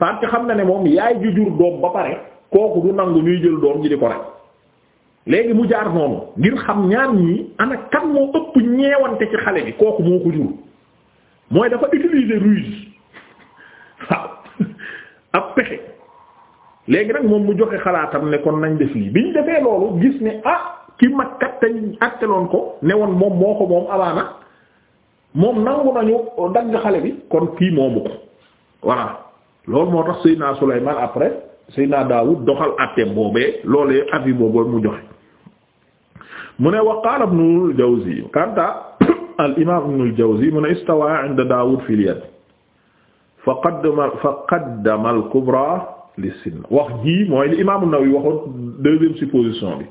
parce xam na ne moom yaay ju jur doom ba pare kooku du nangu ñuy jël doom ji di ko rek léegi mu jaar noonu ngir xam ñaar ñii ana kan moo ëpp ñeewante ci xale bi kooku moo ko jur mooy dafa utiliser ruse waaw ab pexe léegi nag moom mu joxe xalaatam ne kon nañ def lii bi ñu defee loolu gis ne ah ki mag kat tañ atteloon ko ne woon moom moo ko moom abaana moom nangu nañu dagg xale bi kon kii moomu ko voilà lool moo tax Seydina Souleymane après Seydina Daoud doxal atteem boobee loolee avis booboo mu joxe mu ne wa qaala Jawzi kanta al imaam Ibnul Jawzi mu ne istawaa inda Daoud fil yad fa qaddama al kubra li sin wax jii mooy li imaam An-Nawawi waxoon deuxième supposition bi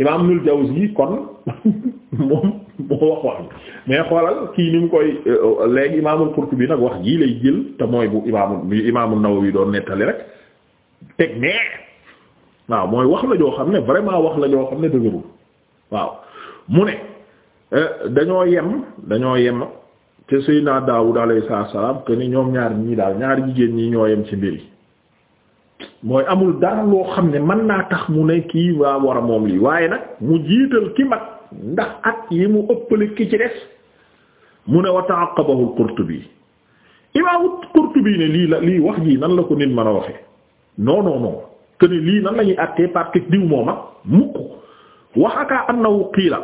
imaam Ibnul Jawzi kon moom. moo wax wax mais xoolal kii ni mu koy euh, léegi imaamul Qurtubi nag wax jii lay jël te mooy bu imaamul bu imaamul Nawawi doon nettali rek teg ne waaw mooy wax la joo xam ne vraiment wax la joo xam ne dëgërul waaw mu ne euh, dañoo yem dañoo yem te Seydina Daawud alayhi salaam que ni ñoom ñaar ñii daal ñaari jigéen ñi ñoo yem ci mbir yi mooy amul dara loo xam ne mën naa tax mu ne kii waa war a moom lii waaye nag mu jiital ki mag ndax at yi mu ëpp li ki ci des mu ne wa ta'aqqabahu al-Qurtubi imaamu Qurtubi ne lii la lii wax jii nan la ko nit mën a waxe non non non que lii nan la ñuy àttee parce que diw moom ak mukk wax akaa annahu qiila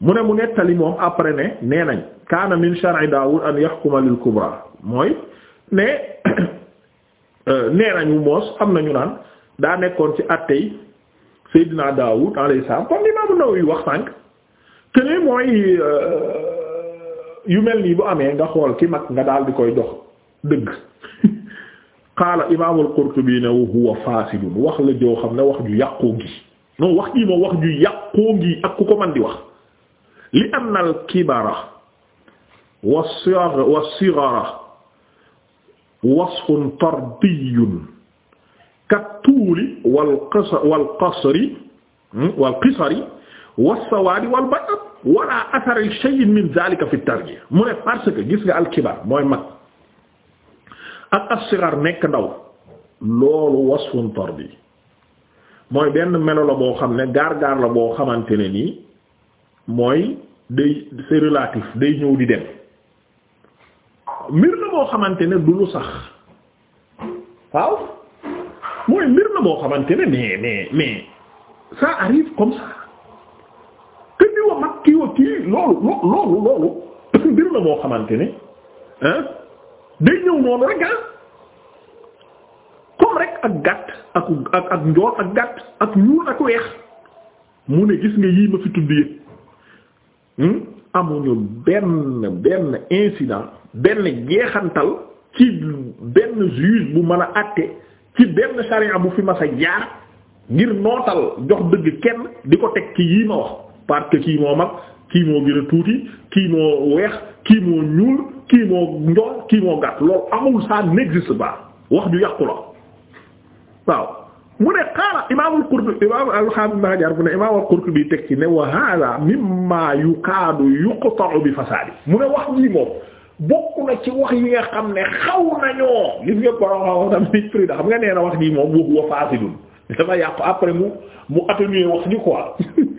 mu ne mu nettali moom après ne nee nañ kaana min shar'i Daawuud an yahkuma lil kubra mooy ne euh, nee nañu moos am nañu naan daa nekkoon ci àttey Seydina Daawuud alayhi salaam comme Imaam Nawawi wax sànq këlee mooy euh, yu mel nii bu amee nga xool ki mag nga daal di koy jox dëgg qaala imaamul Qurtubi ne huwa faasidun wax la joo xam ne wax ju yàqoo ngi non wax jii moom wax ju yàqoo ngi ak ku ko man di wax li anna al kibara wa sigara wasfun tardiyun ka tuuli wal qasri wal qasri hmm, wassawaadi wal bayad wala asari shay'in min zalika fi tarjih mu ne parce que gis nga alkibar mooy mag ak as-sighar nekk ndaw loolu wasfun tardi mooy benn melo la boo xam ne gaar-gaar la boo xamante ne nii mooy day c'est relatif day ñëw di dem mbir la boo xamante ne du sax waaw mooy mbir la boo xamante ne mais mais mais arrive comme ça diwa mag kii loolu loolu loolu mbir la moo xamante ne ah day ñëw noonu rek ah comme rek ak gàtt ak ak ak gàtt ak ñuul ak weex mu ne gis nga yii ma fi tudd yëpp hmm, amuñu benn benn incident benn jeexantal ci benn juge bu mën a àtte ci benn charia bu fi mas a jaar ngir nootal jox dëgg kenn di ko teg ci yii ma wax parce que kii moo mag kii moo gën tuuti kii moo weex kii moo ñuul kii moo njool kii moo gàtt loolu amul ça n'existe pas wax ju yàqu la waaw mu ne qaala imaamul Qurtubi imaam al-Haafiz Hajar mu ne imaamul Qurtubi teg ci ne yu haaza mimmaa yukaadu yuqta'u bi fasaadi mu ne wax ji moom bokk na ci wax yi nga xam ne xaw nañoo gis nga borom xaw tam nit prix da xam nga nee na wax ji moom wa huwa faasidun dafa yàqu après mu mu atténuer wax ji quoi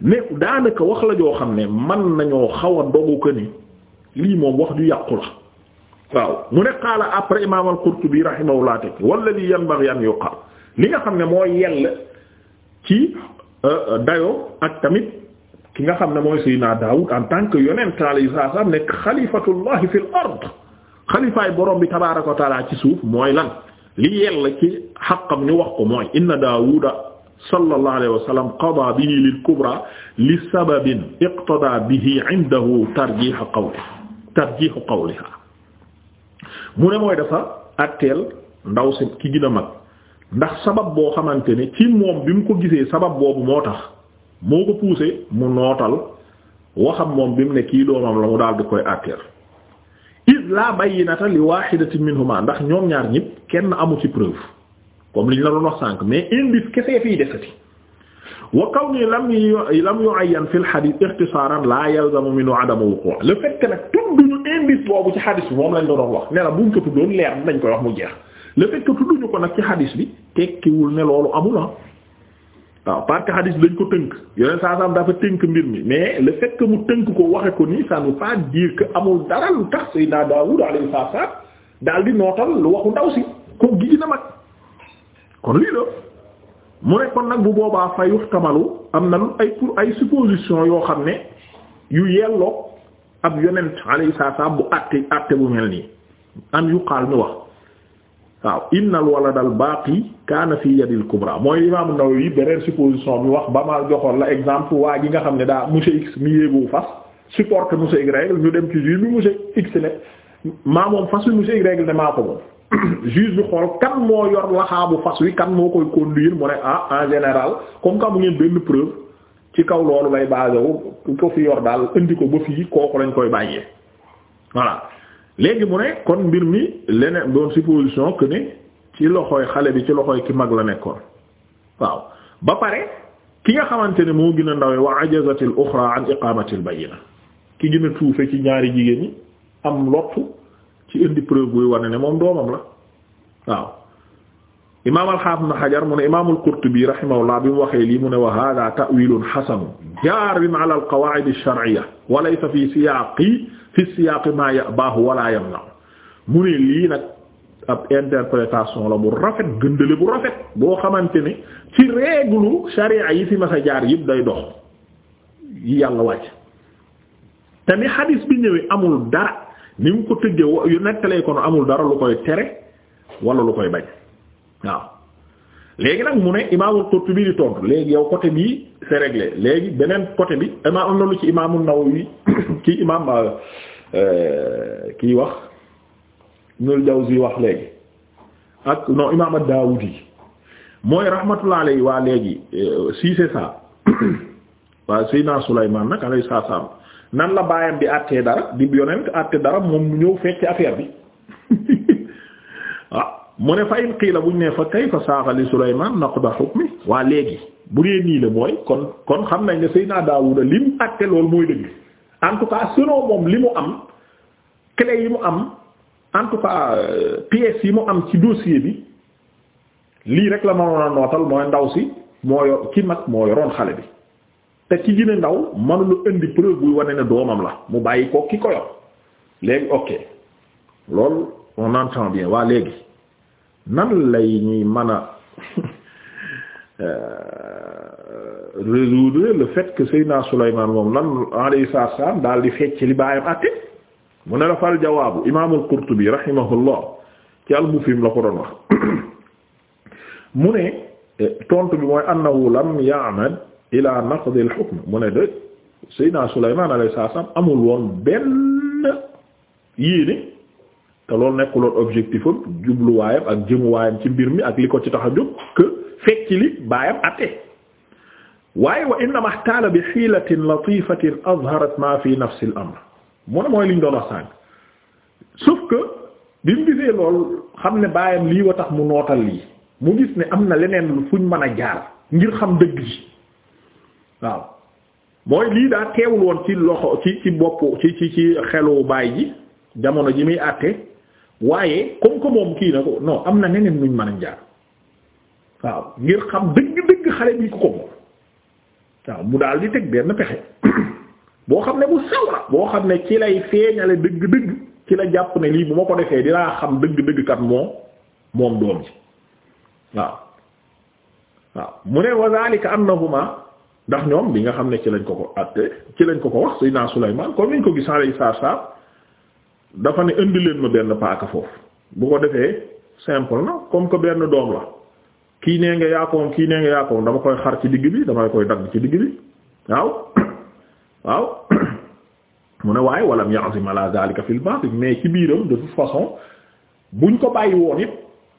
mais daanaka wax la joo xam ne man nañoo xaw a dogu ko ni lii moom wax ju yàqu la waaw mu ne qaala après imaam al-Qurtubi rahimahullah teg walladhi yanbaghi an yuqal li nga xam ne moo yell ci euh, euh, dayo ak tamit ki nga xam ne mooy Seydina Daawud en tant que yonent alayhi salaam nekk xalifatullahi fil ard xalifaay borom bi tabaaraka wa ci suuf mooy lan li yell ci xaqam ñu wax ko mooy inna Daawuda sallallahu alayhi wa sallam qadaa bihi lil kubra li sababin iqtadaa bihi indahu tarjiihu qawli tarjiihu qawliha mu ne mooy dafa atteel ndaw si ki gën a mag ndax sabab boo xamante ni ci moom bi mu ko gisee sabab boobu moo tax moo ko poussé mu nootal waxam moom bi mu ne kii doomam la mu daal di koy atteel iz laa bayyinata li waahidatin minhumaa ndax ñoom ñaar ñëpp kenn amu ci preuve comme liñ la doon wax sànq mais indice kese fii desati wa kawni lam lam yu'ayyan fil hadith ikhtisaran la yalzamu minhu adamu wuqu' le fait que nag tudduñu indice boobu ci hadith bi moom lañ doon wax ne la buñ ko tuddoon leer nañ koy wax mu jeex le fait que tudduñu ko nag ci hadith bi tekkiwul ne loolu amul ah waaw parce que ko tënk yeneen saa saam dafa tënk mbir mi mais la fait que mu tënk ko waxe ko nii ça ne pas dire que amul dara lu tax Seydina kon lii la mu ne kon nag bu boobaa fa yuhtamalu am na ay pour ay supposition yoo xam ne yu yelloo ab yonent alayhi salaam bu àtte àtte bu mel nii am yu xaal ñu wax waaw innal walad al baaqi kaana fi yadil kubra mooy imam An-Nawawi beneen supposition bi wax ba ma joxoon la exemple waa ji nga xam ne daal monsieur X mi yéegu fas supporte monsieur Y ñu dem ci juge bi monsieur X ne maa moom fas wi monsieur Y ne maa ko moom juge bi xool kan moo yor laxaabu fas wi kan moo koy conduire mu ne ah en général comme que mu ngeen benn preuve ci kaw loolu lay basé wu ko fi yor daal indi ko ba fii kooku lañ koy bàyyee voilà léegi mu ne kon mbir mi leneen doon supposition que ne ci loxooy xale bi ci loxooy ki mag la nekkoon waaw ba pare ki nga xamante ne moo gën a ndawee wa ajazatil uxra an iqamatil bayina ki gën a tuufe ci ñaari jigéen ñi am lottu ci indi preuve buy wane ne moom doomam la waaw imaam alxaafis na xajar mu ne imaamul qurtubi rahimahullah bi mu waxee lii mu ne wa hada ta'wilun xasanun jaarin ala alqawaid alshar'iyya wa laysa fi siyaaqi fi siyaaqi maa yabaahu wala yamna mu ne lii nag ab interprétation la bu rafet gëndale bu rafet boo xamante ne ci règle sharia yi fi masa jaar yëpp day dox yi yàlla wàcc te ni xadiis bi ñëwee amul dara ni mu ko tëggee wa yu nettalee kon amul dara lu koy tere wala lu koy bañ waaw léegi nag mu ne imaamul bi di tontu léegi yow côté bii c'est léegi beneen côté bi imaam am na lu ci imaamu Nawawi ki imaam euh, euh, kii wax Ibnul Jawzi wax léegi ak non imaam ad-Daawudi mooy rahmatullah alayhi waa léegi euh, si c'est ça waa Seydina Sulaymaan nag alayhi salaam nan la baayam bi àttee dara di yonent àtte dara moom mu ñëw fekk affaire bi ah mu ne fa in qiila buñ ne fa kayfa saaxa li Sulaymaan naqda hukmi waa léegi bu dee nii la mooy kon kon xam nañ ne Seydina Daawuda li mu àtte loolu mooy dëgg en tout cas moom li mu am clé yi mu am en tout euh, yi mu am ci dossier bi lii rek la mënoon a nootal mooy ndaw si moo yor ki mag moo yoroon xale bi te ki gën a ndaw manula indi preuve buy wane ne doomam la mu bàyyi ko ki ko léegi ok loolu on entend bien waa léegi nan lay ñuy mën a euh, résoudre le fait que Seydina Sulaymaan moom lan alayhi salaam daal di fecc li baayam àtte mu ne la fal jawaabu imaamul Qurtubi rahimahullah ci al-Mufhim la ko doon wax mu ne eh, tontu bi mooy annahu lam ya'mad ila naqd al hukm mu ne de amul woon benn yéene te loolu nekkuloon objectif jubluwaayam ak jëmuwaayam ci mbir mi ak li ko ci tax a jóg que fekk li baayam atte waaye wa innama ihtaala bi hiilatin latifatin azharat ma fi nafsi al amr mu ne mooy liñ doon wax sànq sauf que bi mu gisee lool xam ne baayam lii wa tax mu nootal yi mu gis ne am na leneen lu fuñ mën a jaar ngir xam dëgg ji waaw mooy lii daa teewul ci loxo ci ci bopp ci ci ci xelu baay ji jamono ji muy àtte waaye comme que moom kii na ko non am na neneen nuñ mën a jaar waaw ngir xam dëgg-dëgg xale bi ko ko moom waaw mu daal di teg benn pexe boo xam ne bu sew boo xam ne ci lay feeñale dëgg-dëgg ci la jàpp ne lii bu ma ko defee dinaa xam dëgg-dëgg kat moom moom doom ji waaw waaw mu ne wa zalika annahuma ndax ñoom bi nga xam ne ci lañ ko ko atte ci lañ ko ko wax Seydina Sulaymaan comme niñ ko gis alayhi salaam dafa ne indi leen ma benn paaka foofu bu ko defee simple na comme que benn doom la kii nee nga yaakoom kii nee nga yaakoom dama koy xar ci digg bi damay koy dagg ci digg bi waaw waaw mu ne waaye walam ya'zim ala zalika fil baatin mais ci biiram de toute façon buñ ko bàyyi woon it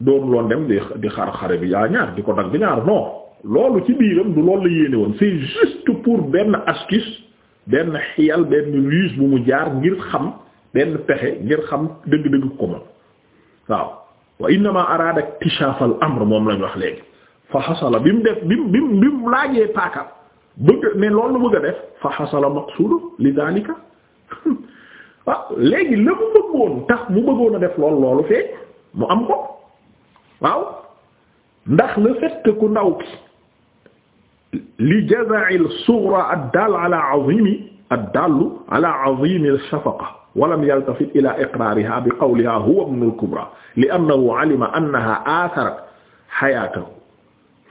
doon loon dem di di xar xare bi yaa ñaar di ko dagg ñaar non. loolu ci biiram du loolu la yéene woon c'est juste pour benn astuce benn xiyal benn ruse bu mu jaar ngir xam benn pexe ngir xam dëgg-dëgg ko moom waaw wa innama araada iktishaf al amr moom lañ wax léegi fa xasala bi mu def bi mu bi mu bi mu laajee paaka bëgg ne loolu bëgg a def fa xasala maqsudu li daalika ah, léegi la mu bëggoon tax mu bëggoon a def lool loolu fee mu am ko waaw ndax le fait ku ndaw ki li jaza'il sughra ad-dal ala 'azimi ad-dallu ala 'azimi al-shafaqa wa lam yaltafit ila iqrariha bi qawliha huwa ibn al-kubra li annahu 'alima annaha atharat hayatahu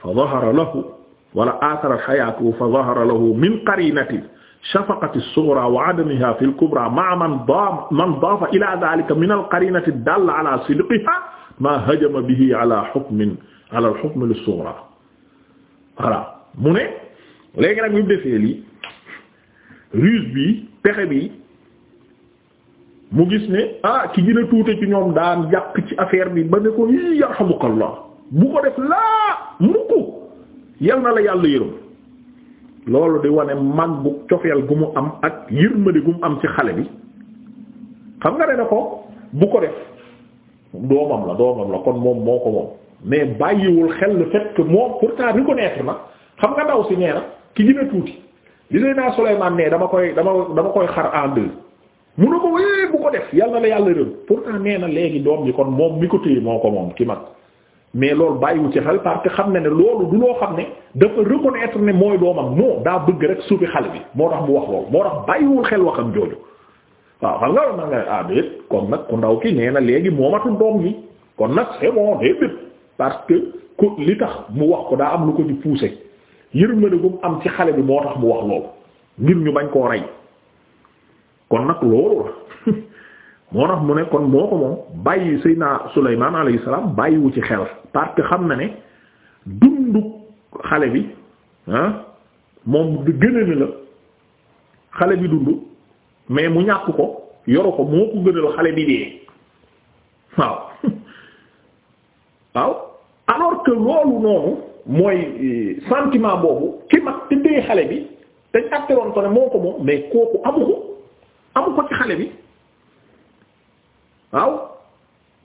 fa dhahara lahu wala atharat hayatuhu fa dhahara lahu min qarinati shafaqati as-sughra wa 'adamiha fi al-kubra ma'a man dafa ila dhalika min al-qarinati ad-dalla 'ala sidqiha ma hajama bihi 'ala hukmin 'ala al-hukm lis-sughra voilà mu ne léegi nag ñu defee lii ruse bi pexe bi mu gis ne ah ki gën tuute ci ñoom daan yàq ci affaire bi ba ne ko yii yarhamukallah bu ko def laa mukk yal na la yàlla yërëm loolu di wane mag bu cofeel gu mu am ak yërmande gu mu am ci xale bi xam nga ne na ko bu ko def doomam la doomam la kon moom moo ko moom mais bàyyiwul xel le fait que moom ko reconnaître na xam nga ndaw si nee na ki gën tuuti li lay naa Souleymane nee dama koy dama dama koy xar en deux mu ko wéy ko def yàlla la yàlla rëm pour nee na léegi doom ji kon moom mi ko téye moo ko moom ki mag mais loolu bàyyiwu ci xel parce xam na ne loolu loo xam ne dafa reconnaître ne mooy doomam daa bëgg rek suufi xale bi moo tax mu wax loolu moo tax bàyyiwul xel waxam jooju waaw xam nga loolu nag nga ah kon nag ku ndaw ki nee na léegi moomatul doom bi kon nag c'est bon déedéet parce que ku li tax mu wax ko daa am lu ko ci poussé yërmande gu mu am ci xale bi moo tax mu wax loolu ngir ñu bañ koo rey kon nag loolu la moo tax mu ne kon moo ko moom bàyyi Seydina Sulaymaan alayhi salaam bàyyiwu ci xel parce xam na ne dundu xale bi ah moom gënal na la xale bi dund mais mu ñàkk ko yoru ko moo ko gënal xale bi dee waaw waaw alors que loolu noonu. mooy euh, sentiment boobu ki mag te téye xale bi te attiroon ko ne moo ko moom mais kooku amu ko amu ko ci xale bi waaw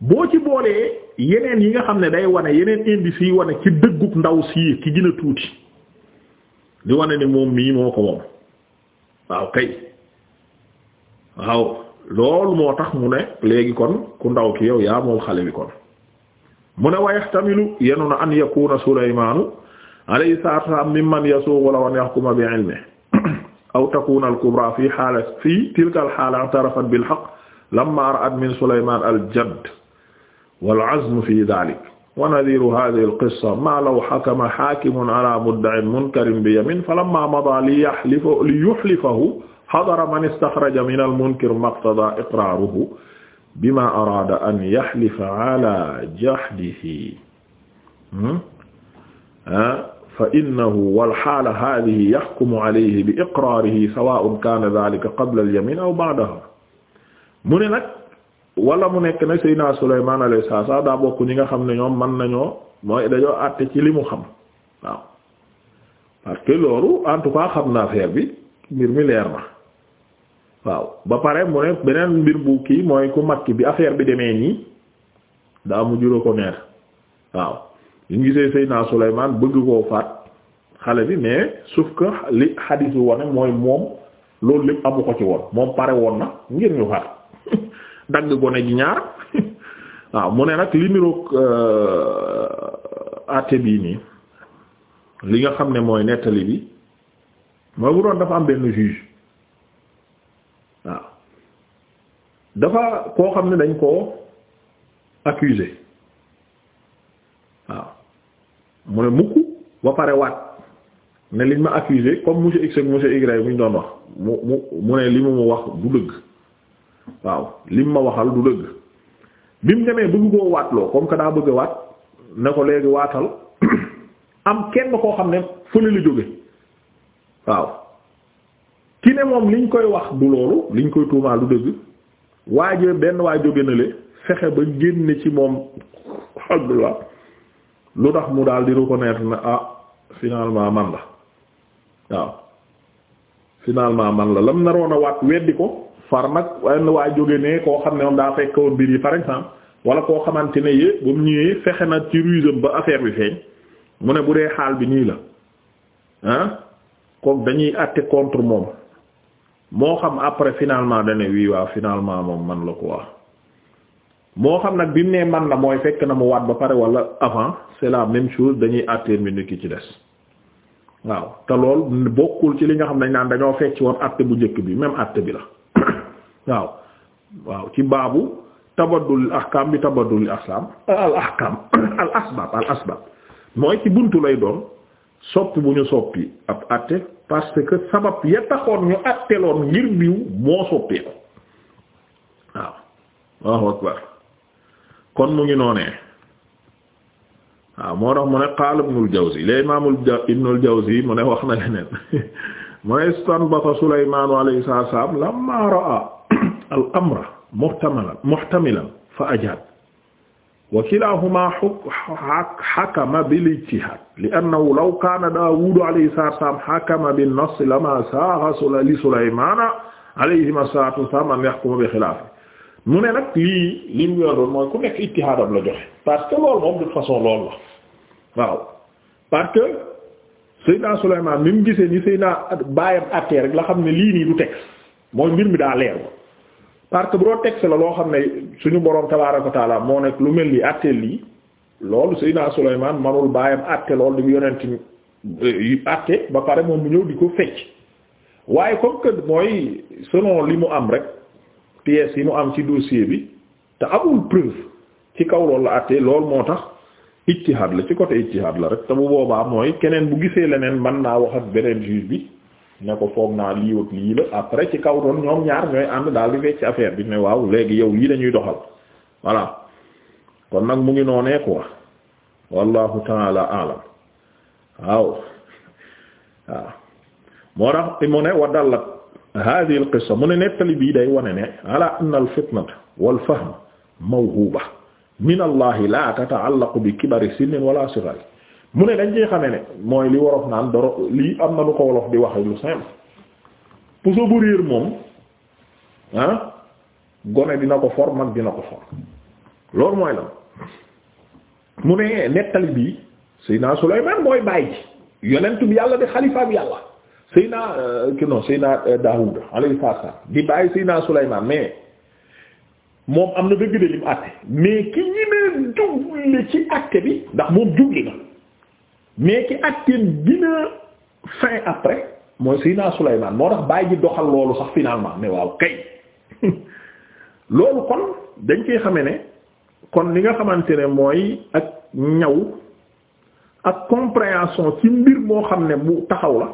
boo ci boolee yeneen yi nga xam ne day wane yeneen indice yi wane ci dëggug ndaw si ki gën tuuti li wane ne moom mii moo ko moom waaw kay waaw loolu moo tax mu ne léegi kon ku ndaw ki yow yaa moom xale bi kon mu ne wa yahtamilu yenu na an yakuna Sulaymaanu alayhi salaatu wa salaam mimman yasuugu lahu an yahkuma bi ilmihi aw takuna al-kubraa fi haala fi tilka al-haala i'tarafat bil haqq lammaa ra'at min Sulaymaan al-jadd wal 'azm fi dhaalika wa nadhiiru haadhihi al-qissa maa law hakama haakimun 'alaa mudda'in munkarin bi yamiin falammaa madaa liyuhlifahu hadara man istakhraja min al-munkir maqtadaa iqraaruhu bima araada an yaxlifa ala jahdihi hmm? fa innahu wal xaala haadihi yaxkumu alayhi bi iqraarihi sawaa'un kaana daalika qabla al-yamiin aw ba'dahaa mu ne nag wala mu nekk ne Seydina Sulaymaan alayhi salaam daa bokk ñi nga xam ne ñoom mën nañoo mooy dañoo àtte ci li mu xam waaw parce que loolu en tout cas xam na affaire bi mbir mi leer na. waaw ba pare mu ne beneen mbir bu kii mooy ku makki bi affaire bi demee nii daa mu juró ko neer waaw ñu gisee Seydina Souleymane bëgg koo faat xale bi mais sauf que li xadiis bi mooy moom loolu lépp amu ko ci woon moom pare woon na ngir ñu faat dagg ko ne ji ñaar waaw mu ne nag li niroog euh, àtte bii nii li nga xam ne mooy nettali bi mooy bu doon dafa am benn juge dafa koo xam ne dañ koo accusé waaw mu ne mukk ba pare waat ne liñ ma accusé comme monsieur X ak monsieur Y mu ñu doon wax mu mu mu ne li mu mu wax du dëgg waaw li mu ma waxal du dëgg bi mu demee bëgg koo waatloo comme que daa bëgg a waat ne ko léegi waatal am kenn koo xam ne fële la jóge waaw ki ne moom liñ koy wax du loolu liñ koy tuumaal du dëgg waa waaje benn waa jóge na le fexe ba génne ci moom Abdullah lu tax mu daal di reconnaître ne ah finalement man la waaw finalement man la lam naroon a waat weddi ko far nag wenn waa jóge ne koo xam ne moom daa fekk woon mbir yi par exemple wala koo xamante ne yé ba mu ñëwee fexe na ci ruisam ba affaire bi feeñ mu ne bu dee xaal bi nii la ah comme dañuy àtte contre moom moo xam après finalement dane wii waaw finalement moom man la ko wax moo xam nag bi mu nee man la mooy fekk na mu waat ba pare wala avant c'est la même chose dañuy atténuer ki ci des waaw te lool bokkul ci li nga xam ne dañ naan dañoo fecc woon àtte bu njëkk bi même àtte bi la waaw waaw ci baabu tabadul ahkam bi tabadul aslam al ahkam al asbab al asbab mooy ci buntu lay doon soppi bu ñu soppi ab àtte parce que sabab ya taxoon ñu atteloon ngir biw moo soppeeku waaw waaw akbar kon mu ngi noonee waaw moo tax mu ne qaala ibnul Jawzi la imaamul ibnul Jawzi mu ne wax na leneen mu ne istanbata Sulaymaanu alayhi salaam lamma ra'a al amra muhtamilan muhtamilan fa ajaab wa kilahuma hakama bil ijtihad li annahu law kana Daawuud alayhi salaam hakama bin nass lama saagha li Sulaymana alayhi salaatu wa salaam an yahkuma bi xilaafi mu ne nag lii li mu yor doon mooy ku nekk ijtihaadam la joxe parce que loolu moom de toute façon loolu la waaw parce que Seydina Sulaymaan mi mu gisee ni Seydina baayam àttee rek la xam ne lii nii du texte mooy mbir mi daa leer parce que bu doon texte la loo xam ne suñu boroom tabaaraka wa moo nekk lu mel ni àtte lii loolu Seydina Sulaymaan manul baayam àtte loolu di mu yonent àtte ba pare moom mu ñëw di ko fecc waaye comme que mooy selon li mu am rek pièces yi mu am ci dossier bi te amul preuve ci kaw loolu la àtte loolu moo tax ijtihaad la ci côté ijtihaad la rek te bu boobaa mooy keneen bu gisee leneen man naa wax ak beneen juge bi ne ko foog naa lii wut lii la après ci kaw doon ñoom ñaar ñooy ànd daal di wecc affaire bi ne waaw léegi yow lii lañuy doxal voilà kon nag mu ngi noonee quoi wallahu taala alam waaw waaw moo tax mu ne wa dallat hadhihi al mu ne nettali bii day wone ne ala anna al fitnata wal fahm mawhuba min allahi la tata'allaqu bi kibari sinnin wala sighari mu ne dañ ciy xame ne mooy li wolof naan doro lii am na lu ko wolof di wax lu simple puso bu réer moom ah, gone dina ko for mag dina ko for loolu mooy lan mu ne nettali bi Seydina Sulaymaan mooy bàyyi ji yonentu bi yàlla di xalifaab yàlla Seydina euh, ki non Seydina euh, Daawuud alayhi salaam di bàyyi Seydina Sulaymaan mais moom am na dëgg de lim àtte mais ki ñi ne juble ci àtte bi ndax moom juble na mais ki atteen dina fin après mooy Seydina Sulaymaan moo tax bàyyi ji doxal loolu sax finalement ne waaw kay loolu kon dañ koy xame ne kon li nga xamante ne mooy ak ñaw ak compréhension ci mbir moo xam ne bu taxaw la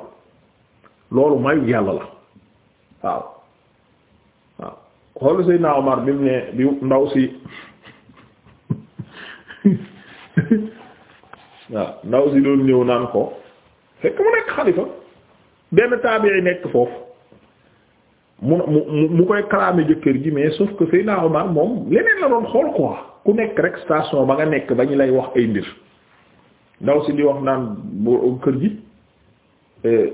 loolu mayu yàlla la waaw waaw xoolu Seydina Omar bi mu ne bi ndaw si waaw ndaw si doon ñëw naan ko fekk mu nekk xalifa benn taabi'i nekk foofu mu mu mu koy kalaame jëkkër ji mais sauf que Seydina Omar moom leneen la doon xool quoi ku nekk rek station ba nga nekk ba lay wax ay mbir ndaw si di wax naan bu kër gi eh, eh,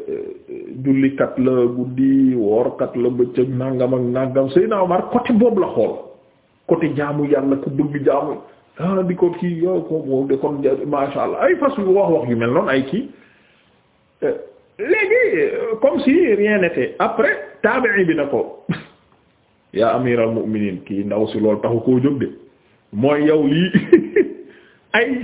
jullikat la guddi woorkat la bëccëg nangam ak nangam Seydina Omar côté boobu la xool côté jaamu yàlla ku bëgg jaamu ah di ko kii yow ay fas yu mel noonu ay kii léegi comme si rien n'était après tabi'i bi na ko yaa amiral mu'minin kii ndaw si loolu taxu koo jóg de mooy yow lii ay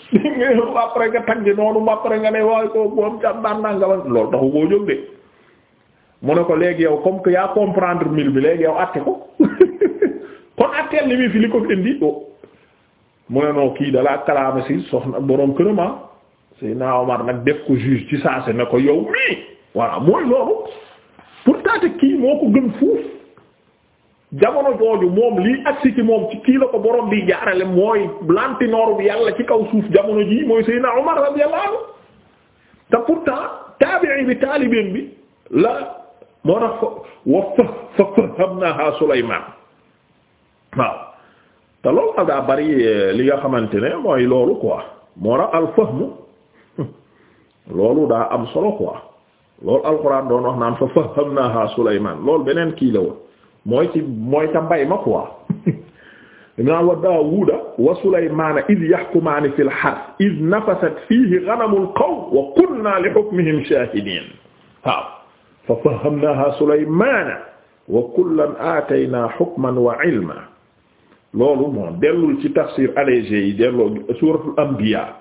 après nga tagg noonu après nga ne waaye ko moom ca daan naa nga loolu taxu koo jóg de mu ne ko léegi yow comme que yaa comprendre mil bi léegi yow àtte ko kon àtteel li muy fi li ko indi ko oh. mu ne noo kii dalaa kalaama si soxna boroom kërama ah. Seydina Omar nag def ko juge ci saase ne ko yow mii voilà mooy loolu pourtant te kii moo ko gën fuuf jamono jooju moom lii agsi ci moom ci kii la ko boroom bi jaarale mooy lantinoor bi yàlla ci kaw suuf jamono ji mooy Seydina Omar radiyallahu anhu te pourtant taabi'i bi taalibeen bi la moo tax fa wa fa fa fahamnaha Sulaymaan te loolu nag daa bari euh, li nga xamante ne mooy loolu quoi moo tax al fahmu loolu daa am solo quoi loolu alxuraan doon wax naan fa fahamnaha Sulaymaan loolu beneen kii la woon mooy ci mooy ca mbay ma quoi naan wa Daawuda wa Sulaymaana id yaxkumaani fil harth id nafasat fiihi ganamul qawm wa kunnaa li hukmihim shaahidiin waaw fa fahamnaha Sulaymaana wa kullan aataynaa hukman wa ilman loolu moom dellul ci tafsir allégé yi delloo suuratul anbiya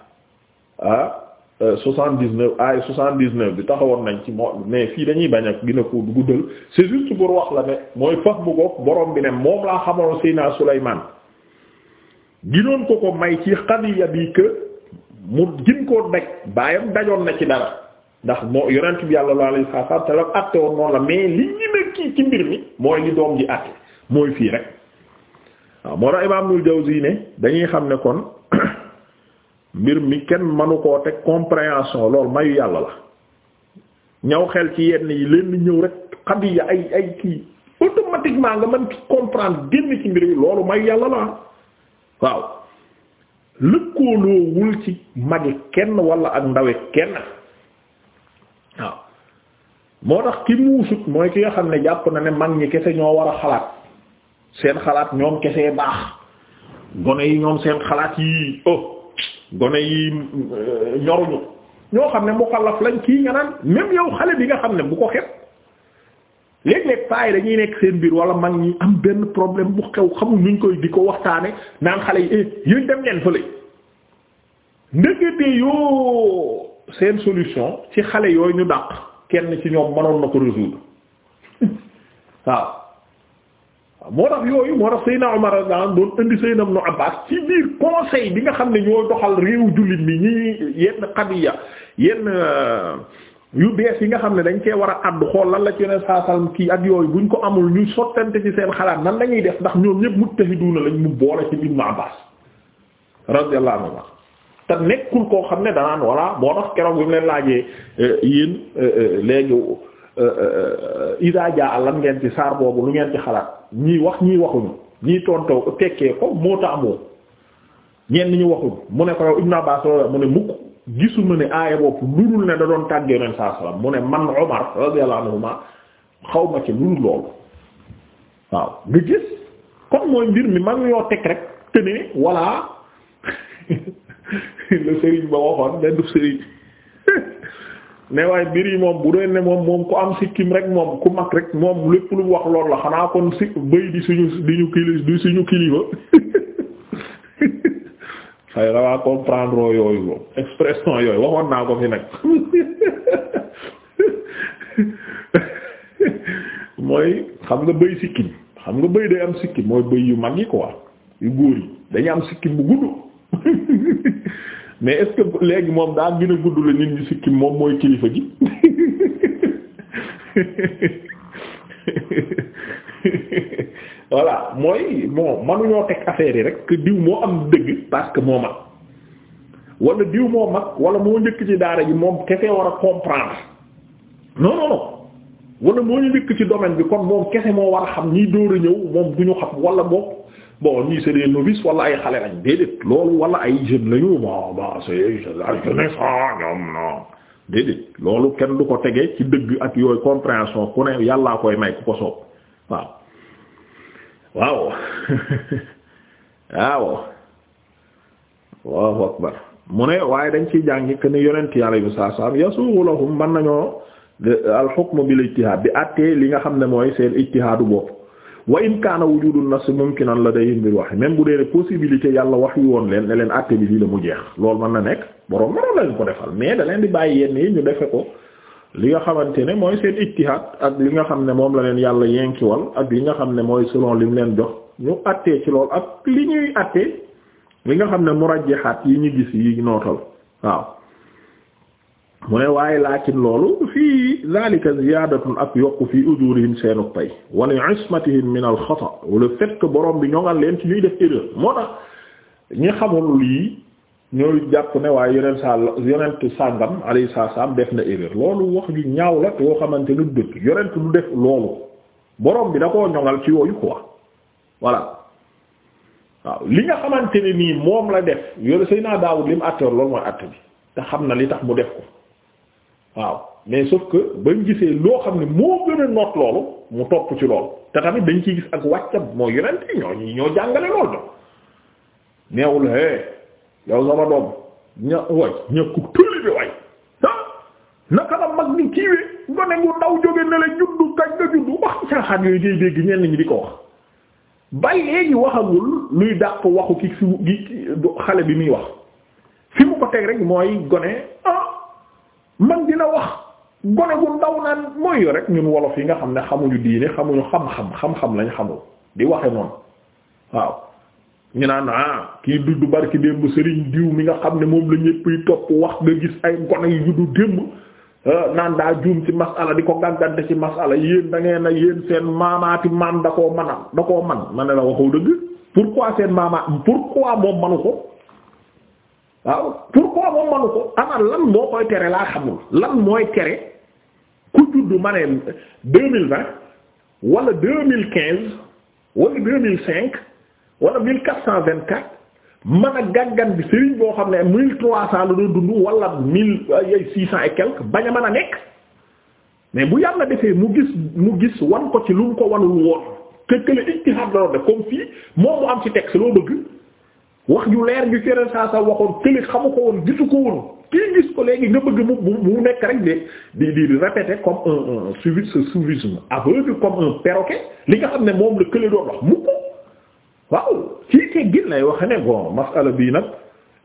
ah euh, soixante-dix-neuf ay soixante-dix-neuf bi taxawoon nañ ci moo mais fii dañuy bañ ak gina ko guddal c'est juste pour wax la ne mooy fax bu ko borom bi ne moom laa xamaloon Seydina Souleymane ginoon ko ko may ci xadiya bi que mu gin koo daj baayam dajoon na ci dara ndax moo yonent bi yàlla laa lay saa saa te la àtte woon noonu la mais li ñu ne ci mbir mi mooy li doom ji àtte mooy fii waaw moo tax imaam nul Jawzi ne dañuy xam ne kon mbir mi kenn manu koo teg compréhension lool mayu ñaw xel ci yenn yi leen ñëw nga mën ci comprendre génn ci loolu mayu yàlla la waaw lëkkooloowul ci magi kenn walla ak ndawe kenn waaw moo tax ki muusut mooy ki nga xam ne jàpp na ne mag ñi kese ñoo war a xalaat seen xalaat ñoom kese baax gone yi ñoom seen xalaat yi oh gone yi euh, ñoruñu ñoo xam ne mukallaf lañ kii nga naan même yow xale bi nga xam ne bu ko xet léeg-léeg paa dañuy nekk seen biir wala mag ñi am benn problème bu kew xamul nuñ koy di ko waxtaane naan xale yi eh yéen dem leen fële ndekete yoo seen solution ci xale yooyu ñu dàq kenn ci ñoom mënoon na ko résoudre waaw moo tax yooyu moo tax Seydina a radiyallahu doon indi Seydina Ibn Abbas ci biir conseil bi nga xam ne ñoo doxal réew jullit bi ñi yenn xadiya yenn euh, yu bees yi nga xam ne dañ cee war a àddu xool lan la ci yeneen saasal kii ak yooyu buñ ko amul ñu sottante ci seen xalaat nan lañuy def ndax ñoom ñëpp muttahiduuna lañ mu boole ci Ibn Abbas radiyallahu anhu te nekkul koo xam ne danaan voilà moo tax keroog bi leen laajee euh, yéen euh, léegi. Euh, euh, euh, Ida Dia lan ngeen ci saar boobu lu ngeen ci xalaat ñii wax ñii waxuñu ñii tontoo tekkee ko moo taamoo ñenn ñi waxuñu mu ne ko yow Ibn Abbas mu ne mukk gisuma ne aaya boobu lu dul ne da doon tàgg Yonent saa salaam mu ne man Omar radiyallahu ma xaw ma ci lu dul loolu waaw nga gis kon mooy mbir mi man yoo teg rek te ne voilà le ba waxoon benn Serigne. ne waaye mbir yi moom bu doon ne moom moom ku am sikkim rek moom ku mag rek moom lépp lu wax lool la xanaa kon si bëy suñu di ñu kili di suñu kilifa ay da waa yooyu moom naa ko fi nag xam nga bëy sikkim xam nga bëy day am sikkim mooy bëy yu mag yi quoi yu góor yi dañu am sikkim bu gudd mais est léegi moom daa gën gudd la nit ñi sikkim moom mooy kilifa gi voilà mooy moo manuñoo teg affaire yi rek que diw moo am dëgg parce que moo mag walla diw moo mag wala moo njëkk ci daara ji moom kese war a comprendre non non non moo ñu njëkk ci domaine bi kon moom kese moo war a xam ñiy dóor a ñëw moom du ñu xam wala boo bon ñii c'est des novices wala ay xale lañ déedéet loolu wala ay jeunes lañu ba ba c'est la jeunesse ñoom non déedéet loolu kenn du ko tege ci dëgg ak yooyu compréhension ku ne yàllaa koy may ku ko soob waaw waaw waaw Allahu akbar mu ne waaye dañ ciy jàngi que ne yonent yàlla yu saa saam yasuuxu mën nañoo al hukm bil ijtihaad bi àttee li nga xam ne mooy seen ijtihaadu bopp wa in kaana wujudun nas la ladayhim bil wahyi même bu dee ne possibilité yàlla wax yu woon leen ne leen àtte bi lii la mu jeex loolu man na nekk boroom mënoon lañ ko defal mais da leen di bàyyi yenn yi ñu defe ko li nga xamante ne mooy seen ijtihaad ak li nga xam ne moom la leen yàlla yenkiwal ak li nga xam ne mooy li lim leen jox ñu àttee ci lool ak li ñuy àttee li nga xam ne murajjihaat yi ñu gis yi nootal waaw mu ne waaye laakin loolu fii zalika ziyaadatun ak yokk fii ujurihim seenu pay wa li ismatihim min al xata bi ñoŋal leen ci ñuy def erreur moo tax ñi xamul lii ñooy jàpp ne waaye yonent sa yonent sàngam alayhi salaam def na erreur loolu ñaaw la xamante ni dëkk yonent du def borom bi da koo ñoŋal ci yooyu quoi waaw li nga xamante ne nii moom la def yore Seydina naa li mu àtte loolu mooy àtte bi te xam na li tax mu def ko. waaw mais sauf que bañ gisee loo xam ne moo gën a noot loolu mu topp ci loolu te tamit dañ ciy gis ak wàccam moo yonent ñoo ñoo jàngale loolu do neewul hee yow sama doom ña way ñakku tulli bi way naka la mag ni kiiwee gone ngu ndaw jóge ne juddu kañ nga juddu wax caaxaan yooyu ngay dégg ñenn ñi di ko wax bay léegi waxagul luy dàq waxu ki fi gi xale bi muy wax fi mu ko teg rek mooy gone ah, man dina wax gone gu ndaw naan mooy rek ñun wolof yi nga xam ne xamuñu diine xamuñu xam-xam xam-xam lañ xamul di waxe noonu waaw ñu naan ah kii du barki démb Serigne diw mi nga xam ne moom la ñëpp topp wax nga gis ay gone yu du démb ah, naan daa juum ci masala di ko gàggante ci masala yéen da ngeen na yéen seen maamaati maam da koo mën a da koo man ma ne la waxoo dëgg pourquoi seen maamaat pourquoi moom manu ko waaw pourquoi moom manu ko ama lan moo koy tere laa xamul lan mooy tere ku juddu ma ne deux mille vingt wala deux mille quinze wala deux mille cinq wala mille quatre cent vingt quatre man a gàggan bi sëriñ boo xam ne mille trois cent la doon dund wala mille six cent et quelque bañ a mën a nekk mais bu yàlla defee mu gis mu gis wan ko ci lu mu ko wanul woon këkkale ijtihaad la doon moom mu am ci teg si loo bëgg wax ju leer ju cere saa sa waxoon kële xamu ko woon gisu ko woon kii gis ko léegi nga bëgg mu mu nekk rek de di di répéter comme un un suivi ce suivisme aveugle comme un perroquet li nga xam ne moom la kële doon wax mu ko waaw kii te gin lay wax ne bon masala bii nag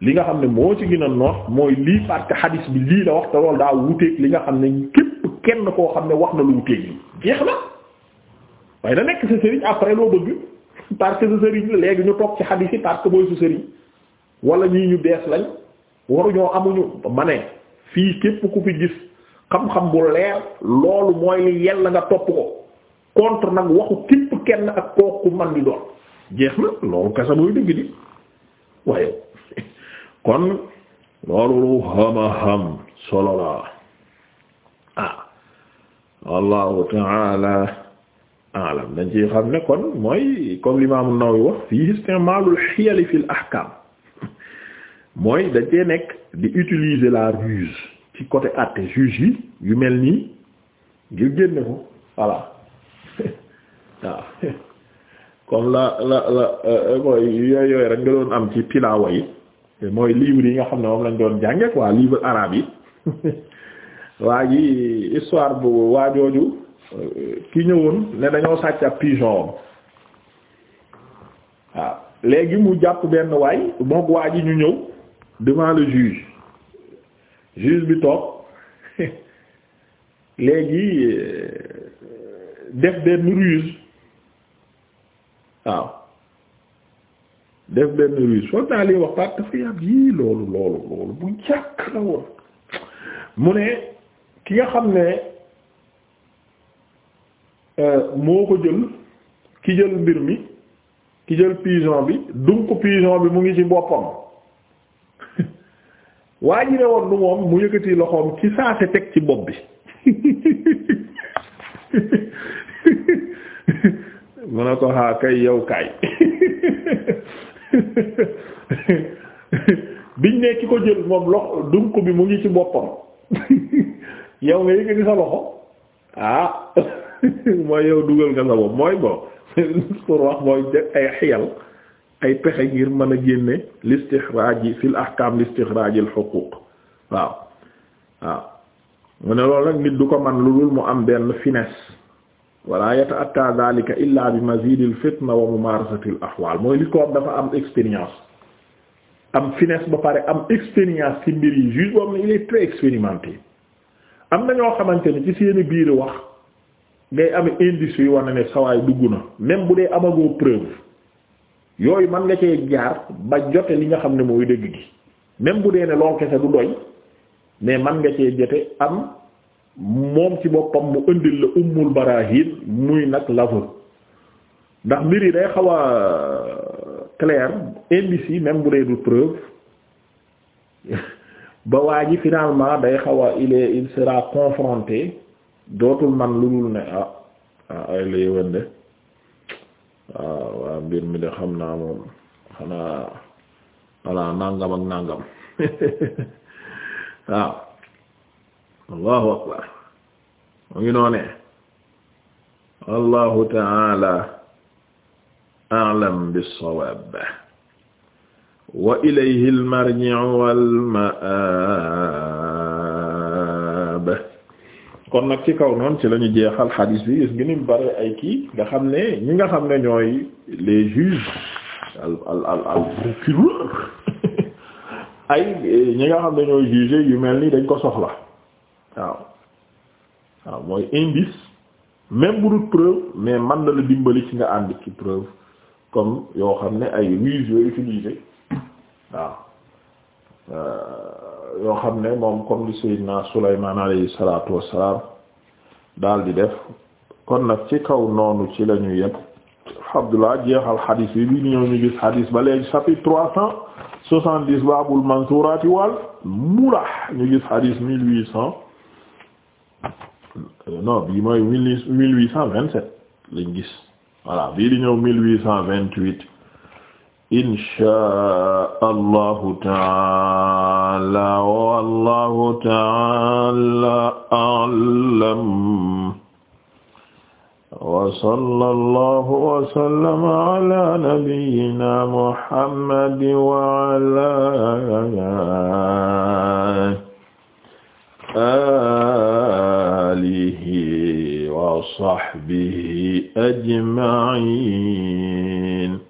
li nga xam ne moo ci gën a noot mooy lii parce que hadis bi lii la wax te loolu daa wuteeg li nga xam ne képp kenn koo xam ne wax na lu wuteeg yi jeex na waaye da nekk sa sëriñ après loo bëgg. parce que su sëriñ la léegi ñu toog ci xadis yi parce que mooy su sëriñ wala ñii ñu bees lañ waruñoo amuñu ma fii képp ku fi gis xam-xam bu leer loolu mooy li yella nga topp ko contre nag waxu képp kenn ak kooku man di doon jeex na loolu kasa mooy dëgg di waaye kon loolu lu xama solo la ah wallahu ta'ala alam dañ ci xam ne kon mooy comme l'imam An-Nawawi fi fii istimalul xiyali fil ahkam mooy dañ cee nekk di utiliser la ruse ci côté àtte juge yi yu mel nii ngir génne ko voilà waaw comme la la la euh, mooy yooyu yooyu rek nga doon am ci tilaawa yi mooy livre yi nga xam ne moom lañ doon jànge quoi livre arabe yi waa ji histoire bu waajooju ki ñëwoon ne dañoo sàcc ab pigeon waaw léegi mu jàpp benn waay moog waa ji ñu ñëw devant le juge juge bi toog léegi euh, def benn ruse waaw def benn ruse foog naa lii wax baat dafa yàgg yii loolu loolu loolu bu jàkk la woon mu ne ki nga xam ne Euh, moo ko jël ki jël mbir mi ki jël pigeon bi dunq pigeon bi mu ngi ci boppam waa ji woon du moom mu yëkkati loxoom ci saa si teg ci bopp bi mu ne ko xaa kay yow biñ ne ki ko jël moom loxo donc bi mu ngi ci boppam yow nga yëkkati sa loxo ah mooy yow dugal nga sa bopp mooy bon pour wax mooy ay xiyal ay pexe ngir mën a génne listixraaji fil ahkaam listixraajil xuquuq waaw waaw mu ne loolu nag nit du ko man lu dul mu am benn finesse wala yata'atta dhalika illa bi mazidil fitna wa mumarasatil ahwal mooy li ko am dafa am expérience am finesse ba pare am expérience ci mbir yi juge boobu il est très expérimenté am na ñoo xamante ni ci seeni biir wax ngay amee indice yu na ne sawaay dugg na même bu dee amagoo preuve yooyu man nga cee jaar ba jote li nga xam ne mooy dëgg gi même bu dee ne lool kese du doy mais man nga cee jote am moom ci boppam mu indil la ummul barahin muy nag l'aveu ndax mbir yi day xaw a euh, clair indice yi même bu dee du preuve ba waa ji finalement day xaw a il est il sera confronté dootul man lu dul ne ah ah ay la yëwan de waaw waaw mbir mi de xam naa moom xanaa walla nàngam ak nàngam waaw allahu akbar mu ngi noonee allahu taala a'lam bis-sawaab wa ilayhi al-marji'u wal ma'aab kon nag ci kaw noonu ci la ñu jeexal xadiis bi gis ngeen bari ay kii nga xam ne ñi nga xam ne ñooy les juges eh, ñi nga xam ne ñooy juge yu mel nii dañ ko soxla waaw waaw mooy indice même bu dul preuve mais man na la dimbali ci nga ànd ci preuve comme yoo xam ne ay ruse yooyu utilisé waaw euh, yoo xam ne moom comme li Seydina Sulaymaan alayhi salaatu wassalaam daal di def kon nag ci kaw noonu ci la ñu yëpp laa jeexal xadiis bi bi ñëw ñu gis xadiis ba léegi chapitre trois cent soixante-dix baabul mansuuraati wal mulah ñu gis xadiis mille huit cent euh, non bii mooy mille huit cent vingt-sept lañ gis voilà bii di ñëw mille huit cent vingt-huit insha allahu taala wallahu taala a'lam wa sallallahu wa sallama ala nabiyyina muhammad wa ala alihi wa sahbihi ajma'in